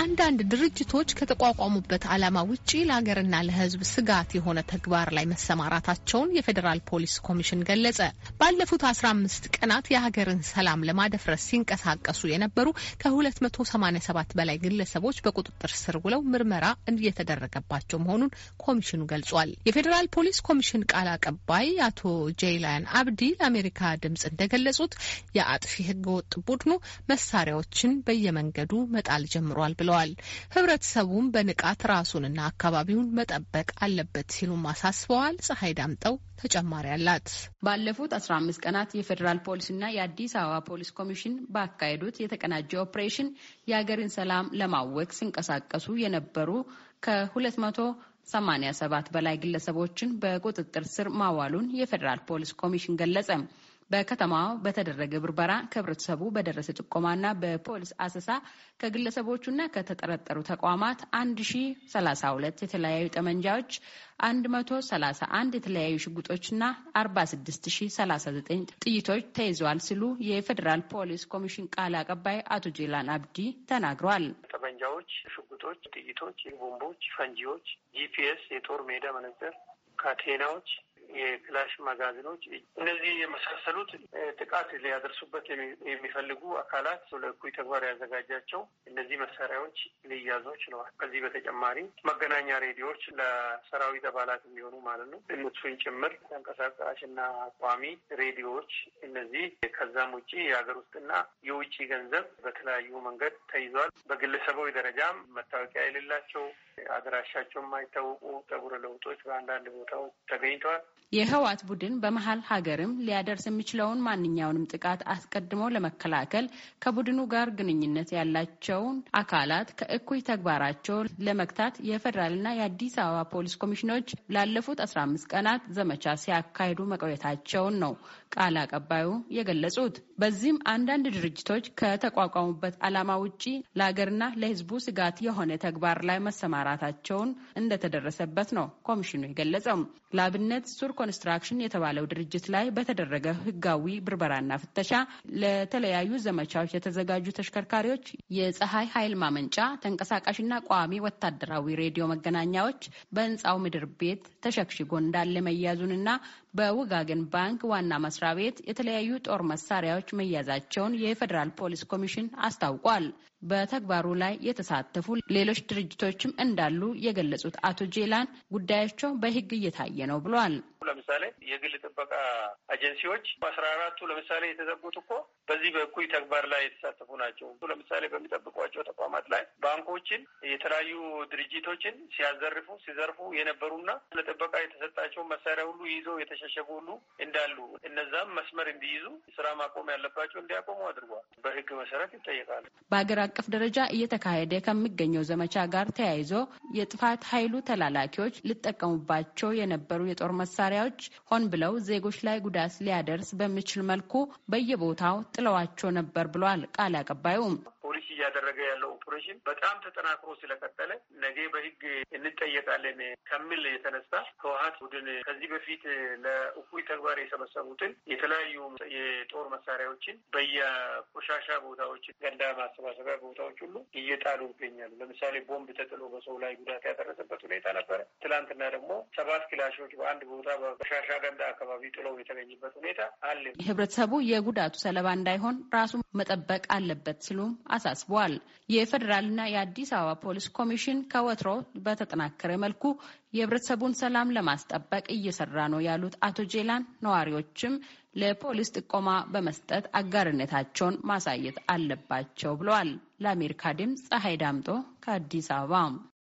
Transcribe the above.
አንዳንድ ድርጅቶች ከተቋቋሙበት ዓላማ ውጪ ለሀገርና ለሕዝብ ስጋት የሆነ ተግባር ላይ መሰማራታቸውን የፌዴራል ፖሊስ ኮሚሽን ገለጸ። ባለፉት አምስት ቀናት የሀገርን ሰላም ለማደፍረስ ሲንቀሳቀሱ የነበሩ ከ287 በላይ ግለሰቦች በቁጥጥር ስር ውለው ምርመራ እየተደረገባቸው መሆኑን ኮሚሽኑ ገልጿል። የፌዴራል ፖሊስ ኮሚሽን ቃል አቀባይ አቶ ጄይላን አብዲ ለአሜሪካ ድምጽ እንደገለጹት የአጥፊ ሕገወጥ ቡድኑ መሳሪያዎችን በየመንገዱ መጣል ጀምሯል ብለዋል። ህብረተሰቡም በንቃት ራሱንና አካባቢውን መጠበቅ አለበት ሲሉም አሳስበዋል። ፀሐይ ዳምጠው ተጨማሪ አላት። ባለፉት 15 ቀናት የፌዴራል ፖሊስና የአዲስ አበባ ፖሊስ ኮሚሽን ባካሄዱት የተቀናጀ ኦፕሬሽን የሀገርን ሰላም ለማወክ ሲንቀሳቀሱ የነበሩ ከ መቶ 87 በላይ ግለሰቦችን በቁጥጥር ስር ማዋሉን የፌዴራል ፖሊስ ኮሚሽን ገለጸ። በከተማዋ በተደረገ ብርበራ ከህብረተሰቡ በደረሰ ጭቆማና በፖሊስ አሰሳ ከግለሰቦቹና ከተጠረጠሩ ተቋማት 1032 የተለያዩ ጠመንጃዎች፣ 131 የተለያዩ ሽጉጦችና 46039 ጥይቶች ተይዘዋል ሲሉ የፌዴራል ፖሊስ ኮሚሽን ቃል አቀባይ አቶ ጄላን አብዲ ተናግረዋል። ጠመንጃዎች፣ ሽጉጦች፣ ጥይቶች፣ ቦምቦች፣ ፈንጂዎች፣ ጂፒኤስ፣ የጦር ሜዳ መነጽር፣ ካቴናዎች የክላሽ መጋዘኖች፣ እነዚህ የመሳሰሉት ጥቃት ሊያደርሱበት የሚፈልጉ አካላት ለእኩይ ተግባር ያዘጋጃቸው እነዚህ መሳሪያዎች ሊያዙ ችለዋል። ከዚህ በተጨማሪ መገናኛ ሬዲዮዎች ለሰራዊት አባላት የሚሆኑ ማለት ነው እነሱን ጭምር ተንቀሳቃሽ እና ቋሚ ሬዲዮዎች እነዚህ ከዛም ውጭ የሀገር ውስጥና የውጭ ገንዘብ በተለያዩ መንገድ ተይዟል። በግለሰባዊ ደረጃም መታወቂያ የሌላቸው አድራሻቸው የማይታወቁ ጠጉረ ለውጦች በአንዳንድ ቦታዎች ተገኝተዋል። የህወሓት ቡድን በመሀል ሀገርም ሊያደርስ የሚችለውን ማንኛውንም ጥቃት አስቀድሞ ለመከላከል ከቡድኑ ጋር ግንኙነት ያላቸውን አካላት ከእኩይ ተግባራቸው ለመግታት የፌዴራልና የአዲስ አበባ ፖሊስ ኮሚሽኖች ላለፉት አስራ አምስት ቀናት ዘመቻ ሲያካሂዱ መቆየታቸውን ነው ቃል አቀባዩ የገለጹት። በዚህም አንዳንድ ድርጅቶች ከተቋቋሙበት ዓላማ ውጪ ለሀገርና ለህዝቡ ስጋት የሆነ ተግባር ላይ መሰማራ ማጣራታቸውን እንደተደረሰበት ነው ኮሚሽኑ የገለጸው። ለአብነት ሱር ኮንስትራክሽን የተባለው ድርጅት ላይ በተደረገ ህጋዊ ብርበራና ፍተሻ ለተለያዩ ዘመቻዎች የተዘጋጁ ተሽከርካሪዎች፣ የፀሐይ ኃይል ማመንጫ፣ ተንቀሳቃሽና ቋሚ ወታደራዊ ሬዲዮ መገናኛዎች በህንፃው ምድር ቤት ተሸክሽጎ እንዳለ መያዙንና በውጋገን ባንክ ዋና መስሪያ ቤት የተለያዩ ጦር መሳሪያዎች መያዛቸውን የፌዴራል ፖሊስ ኮሚሽን አስታውቋል። በተግባሩ ላይ የተሳተፉ ሌሎች ድርጅቶችም እንዳሉ የገለጹት አቶ ጄላን ጉዳያቸው በሕግ እየታየ ነው ብሏል። ለምሳሌ የግል ጥበቃ ኤጀንሲዎች በአስራ አራቱ ለምሳሌ የተዘጉት እኮ በዚህ በእኩይ ተግባር ላይ የተሳተፉ ናቸው። ለምሳሌ በሚጠብቋቸው ተቋማት ላይ ባንኮችን፣ የተለያዩ ድርጅቶችን ሲያዘርፉ ሲዘርፉ የነበሩና ለጥበቃ የተሰጣቸውን መሳሪያ ሁሉ ይዘው የተሸሸጉ ሁሉ እንዳሉ እነዛም መስመር እንዲይዙ ስራ ማቆም ያለባቸው እንዲያቆሙ አድርጓል። በህግ መሰረት ይጠየቃሉ። በሀገር አቀፍ ደረጃ እየተካሄደ ከሚገኘው ዘመቻ ጋር ተያይዞ የጥፋት ኃይሉ ተላላኪዎች ሊጠቀሙባቸው የነበሩ የጦር መሳሪያዎች ኃይሎች ሆን ብለው ዜጎች ላይ ጉዳት ሊያደርስ በሚችል መልኩ በየቦታው ጥለዋቸው ነበር ብሏል ቃል አቀባዩም። እያደረገ ያለው ኦፕሬሽን በጣም ተጠናክሮ ስለቀጠለ ነገ በህግ እንጠየቃለን ከሚል የተነሳ ህወሀት ቡድን ከዚህ በፊት ለእኩይ ተግባር የሰበሰቡትን የተለያዩ የጦር መሳሪያዎችን በየቆሻሻ ቦታዎች፣ ገንዳ ማሰባሰቢያ ቦታዎች ሁሉ እየጣሉ ይገኛሉ። ለምሳሌ ቦምብ ተጥሎ በሰው ላይ ጉዳት ያደረሰበት ሁኔታ ነበረ። ትላንትና ደግሞ ሰባት ክላሾች በአንድ ቦታ በቆሻሻ ገንዳ አካባቢ ጥለው የተገኝበት ሁኔታ አለ። ህብረተሰቡ የጉዳቱ ሰለባ እንዳይሆን ራሱ መጠበቅ አለበት ሲሉም አሳስበዋል። ተናግረዋል። የፌዴራልና የአዲስ አበባ ፖሊስ ኮሚሽን ከወትሮ በተጠናከረ መልኩ የህብረተሰቡን ሰላም ለማስጠበቅ እየሰራ ነው ያሉት አቶ ጄላን ነዋሪዎችም ለፖሊስ ጥቆማ በመስጠት አጋርነታቸውን ማሳየት አለባቸው ብለዋል። ለአሜሪካ ድምፅ ፀሐይ ዳምጦ ከአዲስ አበባ